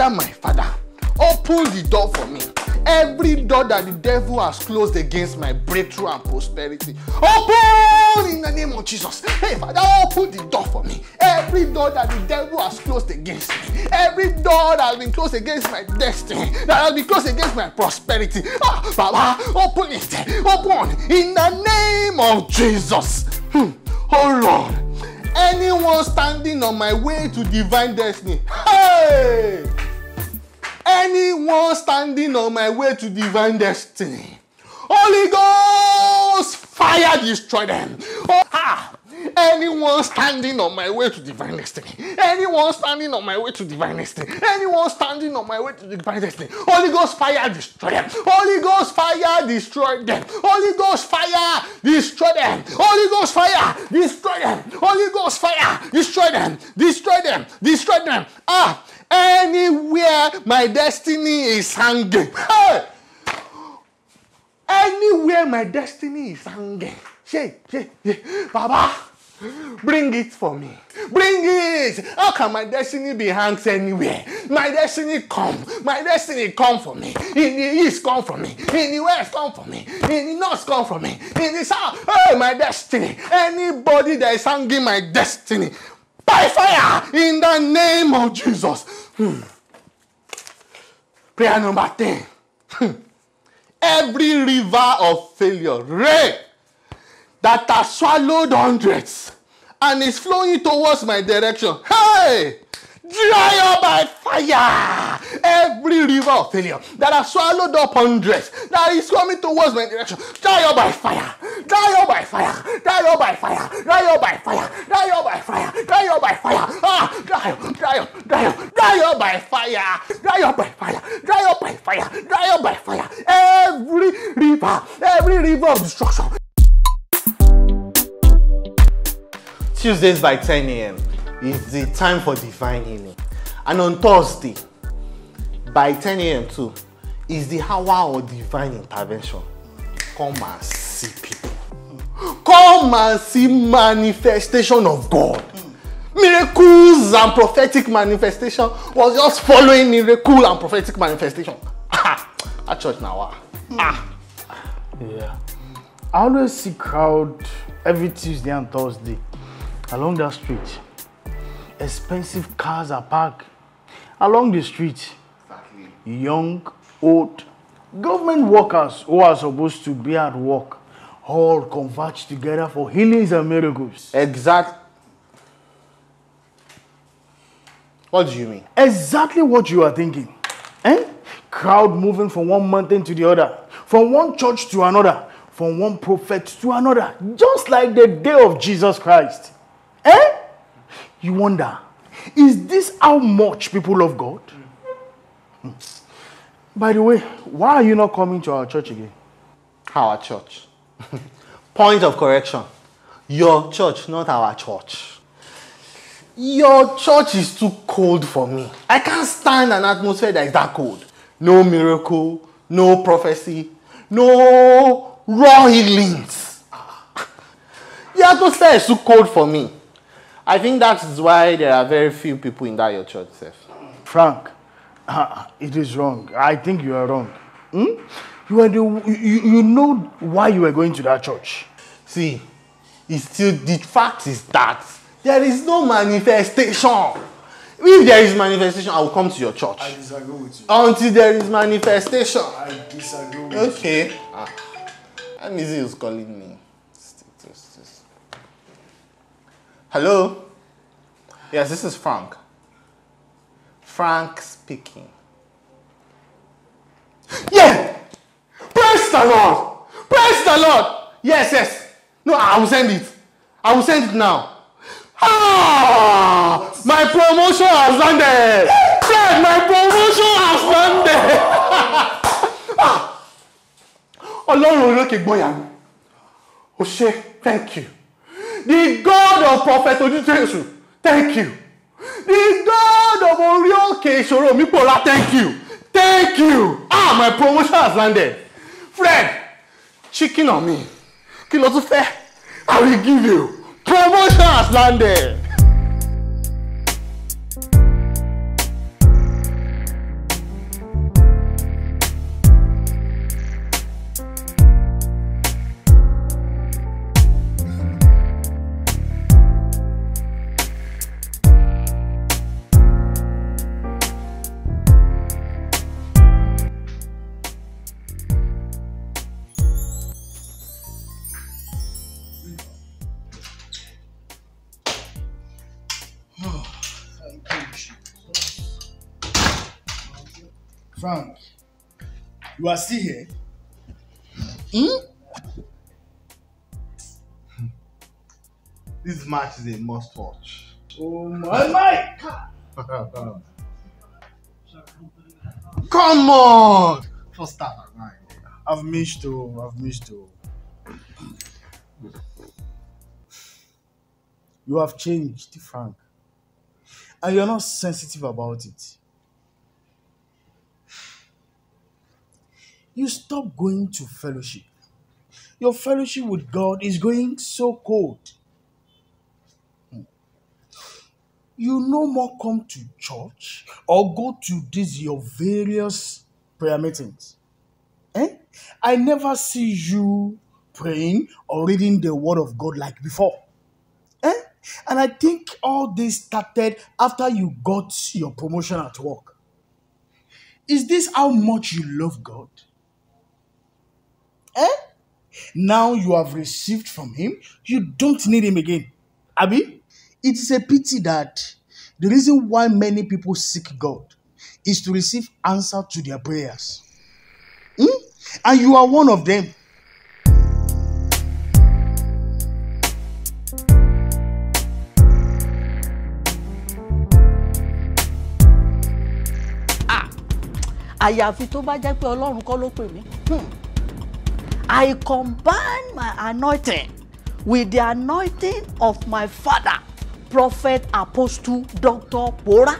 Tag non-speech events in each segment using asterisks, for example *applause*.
under my father open the door for me every door that the devil has closed against my breakthrough and prosperity open in the name of jesus hey father open the door for me every door that the devil has closed against me every door that has been closed against my destiny that has been closed against my prosperity ah baba open it open in the name of jesus hmm. oh lord anyone standing on my way to divine destiny hey anyone standing on my way to divine destiny. Holy Ghost, fire destroy them. Oh, ah, anyone standing on my way to divine destiny. Anyone standing on my way to divine destiny. Anyone standing on my way to divine destiny. Holy Ghost fire destroy them. Holy Ghost fire destroy them. Holy Ghost fire destroy them. Holy Ghost fire destroy them. Holy Ghost fire destroy them. Destroy them. Destroy them. Ah anywhere my destiny is hanging. Hey! Anywhere my destiny is hanging. Ṣé ṣé ṣé bàbá bring it for me. Bring it! How can my destiny be hanged anywhere? My destiny come. My destiny come for me. In the east come for me. In the west come for me. In the north come for me. In the south, hey, my destiny. Anybody that is hanging my destiny by fire in the name of Jesus. Hmm. Prayer number 10. Hmm. Every river of failure, rain that has swallowed hundreds and is flowing towards my direction, hey, dry up by fire. Every river of failure that has swallowed up hundreds that is coming towards my direction, dry up by fire, dry up by fire, dry up by fire, dry up by fire, dry up by fire, dry up by fire, ah, dry up, dry up, dry up, dry up by fire, dry up by fire, dry up by fire, dry up by fire. Every river, every river of destruction. Tuesdays by 10 a.m. is the time for divine healing. And on Thursday, by 10 a.m. too is the hour of divine intervention. Come and see people. Come and see manifestation of God. Miracles and prophetic manifestation was just following miracle and prophetic manifestation. At church now. Hmm. Ah. Yeah. I always see crowd every Tuesday and Thursday along that street. Expensive cars are parked along the street. young, old, government workers who are supposed to be at work all converge together for healings and miracles. Exact. What do you mean? Exactly what you are thinking. Eh? Crowd moving from one mountain to the other, from one church to another, from one prophet to another, just like the day of Jesus Christ. Eh? You wonder, is this how much people love God? Mm. Hmm. By the way, why are you not coming to our church again? Our church. Point of correction. Your church, not our church. Your church is too cold for me. I can't stand an atmosphere that is that cold. No miracle, no prophecy, no raw healings. Your atmosphere is too cold for me. I think that is why there are very few people in that your church, Seth. Frank, Uh, it is wrong. I think you are wrong. Hmm? You, are the, you, you know why you were going to that church. See, it's still the fact is that there is no manifestation. If there is manifestation, I will come to your church. I disagree with you. Until there is manifestation. I disagree with okay. you. Okay. Ah, I'm Amizi is calling me. Hello? Yes, this is Frank. Frank speaking. Yeah! Praise the Lord! Praise the Lord! Yes, yes. No, I will send it. I will send it now. Ah! My promotion has landed! Fred, my promotion has landed! *laughs* Ah! Ọlọ́run olókè gbọ́yà mi. O thank you. The God of Prophet Ojutesu, thank you. The God of ìṣòro mi pòórá thank you thank you ah my promotion has landed Fred chicken on me kí ló tún fẹ́ I will give you promotion has landed. Frank, you are still here? Hmm? *laughs* this match is a must watch. Oh my, my God! *laughs* Come on! First start at nine. I've missed you. Oh, I've missed you. Oh. You have changed, Frank. And you're not sensitive about it. you stop going to fellowship. Your fellowship with God is going so cold. Hmm. You no more come to church or go to these your various prayer meetings. Eh? I never see you praying or reading the word of God like before. Eh? And I think all this started after you got your promotion at work. Is this how much you love God? Eh? Now you have received from him, you don't need him again. Abi, it is a pity that the reason why many people seek God is to receive answer to their prayers. Hmm? And you are one of them. Ah! àyàfi tó bá jẹ́ pé ọlọ́run kọ́ ló pè mí. Hmm. I combine my anointing with the anointing of my father, Prophet Apostle Dr. Bora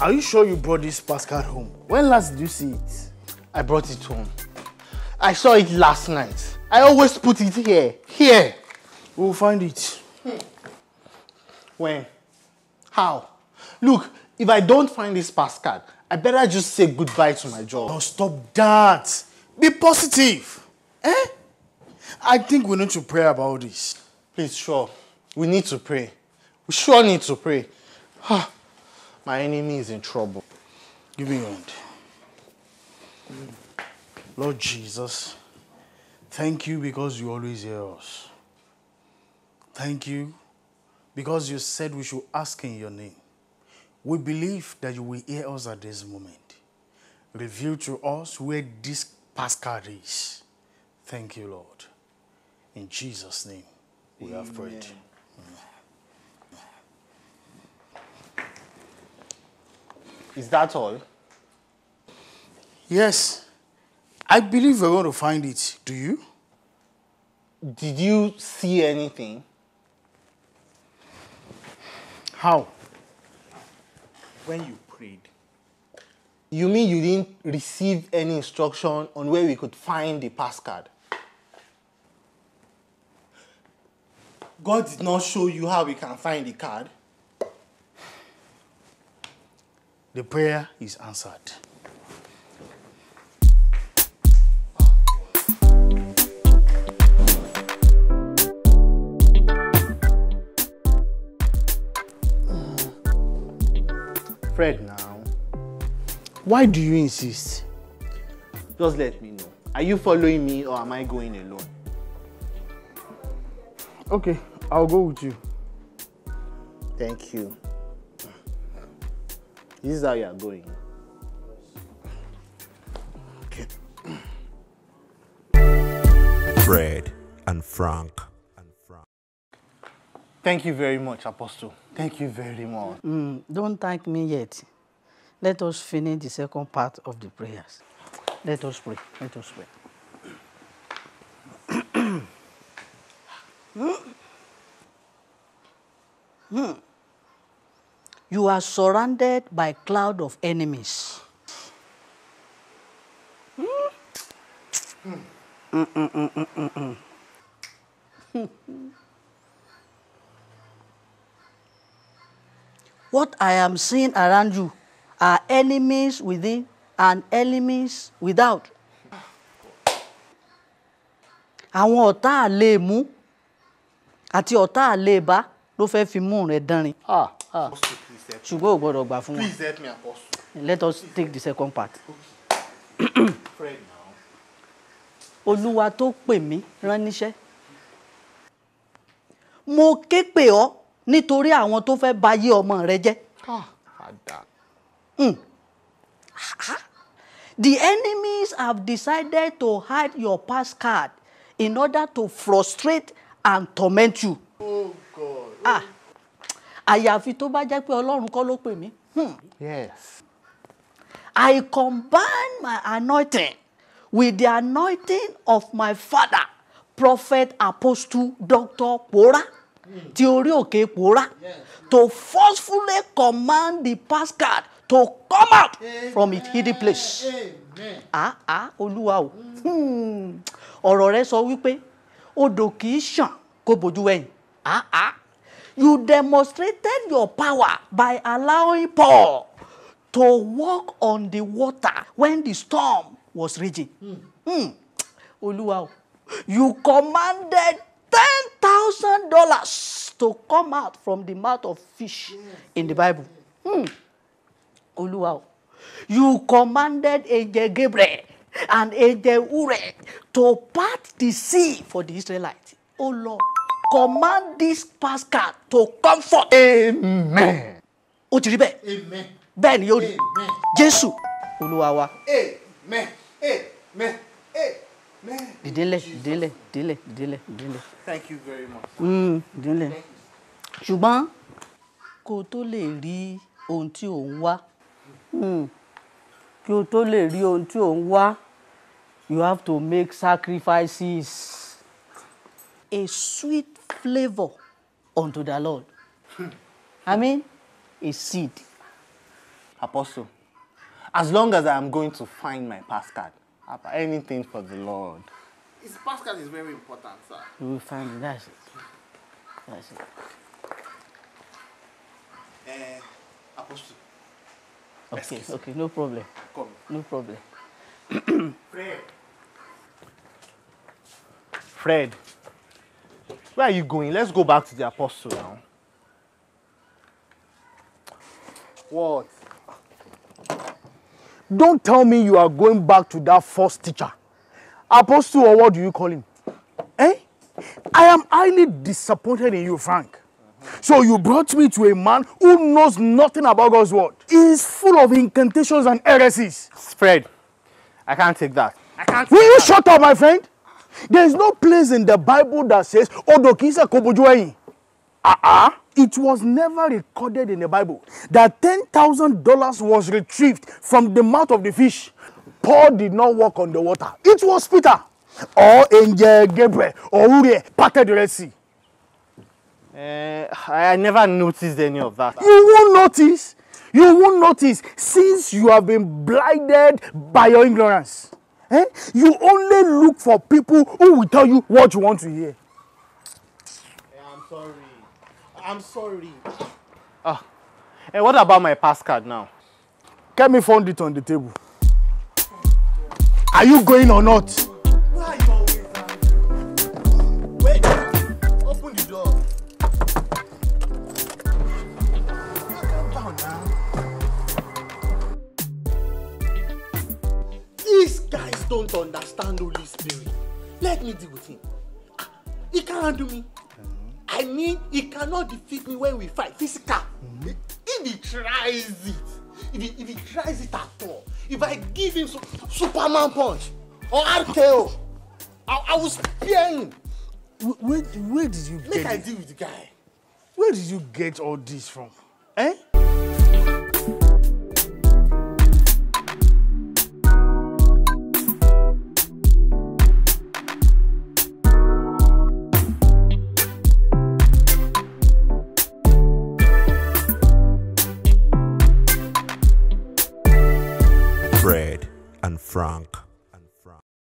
Are you sure you brought this postcard home? When last did you see it? I brought it home. I saw it last night. I always put it here. Here. We'll find it. When? How? Look, if I don't find this postcard, I better just say goodbye to my job. Now stop that. Be positive. Eh? I think we need to pray about this. Please, sure. We need to pray. We sure need to pray. Ah. My enemy is in trouble. Give me your hand. Lord Jesus, thank you because you always hear us. Thank you because you said we should ask in your name. We believe that you will hear us at this moment. Reveal to us where this Pascal is. Thank you, Lord. In Jesus' name, we Amen. have prayed. Amen. Is that all? Yes. I believe we're going to find it. Do you? Did you see anything? How? When you prayed. You mean you didn't receive any instruction on where we could find the passcard? God did not show you how we can find the card. the prayer is answered. Hmm. Fred now, why do you insist? Just let me know. Are you following me or am I going alone? Okay, I'll go with you. Thank you. This is how you are going. Okay. Fred and Frank. Thank you very much, Apostle. Thank you very much. Mm, don't thank me yet. Let us finish the second part of the prayers. Let us pray. Let us pray. are surrounded by cloud of enemies. Hmm. *laughs* What I am seeing around you are enemies within and enemies without. Àwọn ọ̀tá àléèmú àti ọ̀tá àléèbá ló fẹ́ fi mú rẹ̀ dánrin. Ah, ah ṣùgbọ́n ò please help me apostle. let us take the second part. *clears throat* olúwa tó pè mí rán níṣẹ́ mo ké pè ọ́ nítorí àwọn tó fẹ́ bayé ọmọ rẹ jẹ́. Ah, hmm. The enemies have decided to hide your pass card in order to frustrate and torment you. Oh God. Oh ah àyàfi tó bá jẹ́ pé ọlọ́run kọ́ ló pè mí. Hmm. yes. I combine my anointing with the anointing of my father prophet apostle doctor Pora mm. ti orí òkè Pora to forcefully command the past card to come out from its hidden place. Amen. ah ah olúwa o hmm. ọ̀rọ̀ rẹ sọ wípé odò kì ṣàn kó bojú wẹ̀yìn ah ah You demonstrated your power by allowing Paul to walk on the water when the storm was raging. Mm. Mm. Olúwa, you commanded ten thousand dollars to come out from the mouth of fish yes. in the Bible. Mm. Olúwa, you commanded angel Gabriel and angel Uriel to part the sea for the Israelites. Oh Lord command this Pascal to comfort. amen. ó ti rí bẹ́ẹ̀. amen. bẹ́ẹ̀ ni yóò rí. amen. jésù olúwa wa. amen. amen. amen. dídélẹ̀ dídélẹ̀ dídélẹ̀ dídélẹ̀ dídélẹ̀. thank you very much. Mm, dídélẹ̀ ṣùgbọ́n kó o tó lè rí ohun tí ò ń wá mm, kí o tó lè rí ohun tí ò ń wá you have to make sacrifices. a sweet flavor unto the Lord. I mean, a seed. Apostle, as long as I am going to find my passcard, anything for the Lord. His passcard is very important, sir. You will find it. That's it. That's it. Uh, Apostle. Okay, Excuse. okay, no problem. Come. No problem. Fred. Fred. Where are you going? Let's go back to the apostle now. What? Don't tell me you are going back to that false teacher. Apostle or what do you call him? Eh? I am highly disappointed in you, Frank. So you brought me to a man who knows nothing about God's word. He is full of incantations and heresies. Spread. I can't take that. I can't Will you that. shut up, my friend? There is no place in the Bible that says odò kì í ṣe kó Uh-uh. It was never recorded in the Bible that ten thousand dollars was retrieved from the mouth of the fish. Paul did not walk on the water. It was Peter or angel Gabriel or Uriel parted the Red Sea. Uh, I never noticed any of that. You won't notice. You won't notice since you have been blinded by your ignorance. Eh? You only look for people who will tell you what you want to hear. Hey, eh, I'm sorry. I'm sorry. Ah. Hey, eh, what about my pass card now? me found it on the table. Are you going or not? don't understand Holy Spirit. Let me deal with him. Ah, he can't handle me. Mm-hmm. I mean, he cannot defeat me when we fight physical. Mm-hmm. If he tries it, if he, if he tries it at all, if I give him some Superman punch or RKO, I, I will spear him. Where, where did you Make get Make I deal with the guy. Where did you get all this from? Eh? Frank.